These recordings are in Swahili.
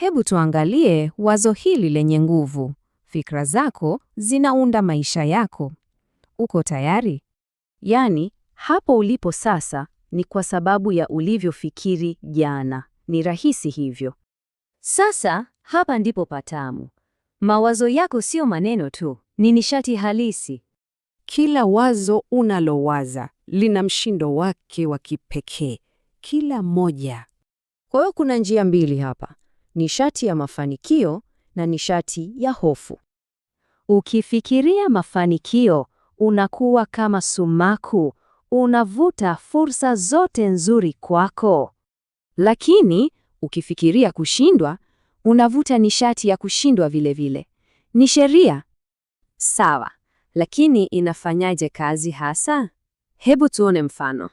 Hebu tuangalie wazo hili lenye nguvu. Fikra zako zinaunda maisha yako. Uko tayari? Yaani, hapo ulipo sasa ni kwa sababu ya ulivyofikiri jana. Ni rahisi hivyo. Sasa hapa ndipo patamu. Mawazo yako sio maneno tu, ni nishati halisi. Kila wazo unalowaza lina mshindo wake wa kipekee, kila moja. Kwa hiyo kuna njia mbili hapa nishati ya mafanikio na nishati ya hofu. Ukifikiria mafanikio, unakuwa kama sumaku, unavuta fursa zote nzuri kwako. Lakini ukifikiria kushindwa, unavuta nishati ya kushindwa vile vile. Ni sheria. Sawa, lakini inafanyaje kazi hasa? Hebu tuone mfano.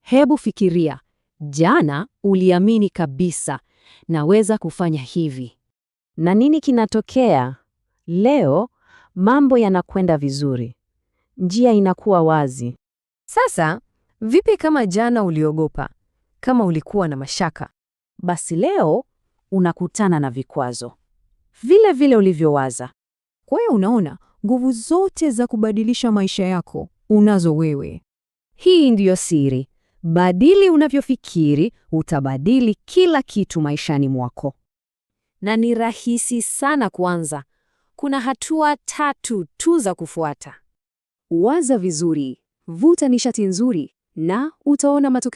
Hebu fikiria, jana uliamini kabisa naweza kufanya hivi. Na nini kinatokea? Leo mambo yanakwenda vizuri, njia inakuwa wazi. Sasa vipi kama jana uliogopa, kama ulikuwa na mashaka? Basi leo unakutana na vikwazo vile vile ulivyowaza. Kwa hiyo unaona, nguvu zote za kubadilisha maisha yako unazo wewe. Hii ndiyo siri. Badili unavyofikiri, utabadili kila kitu maishani mwako. Na ni rahisi sana kuanza. Kuna hatua tatu tu za kufuata. Waza vizuri, vuta nishati nzuri na utaona matokeo.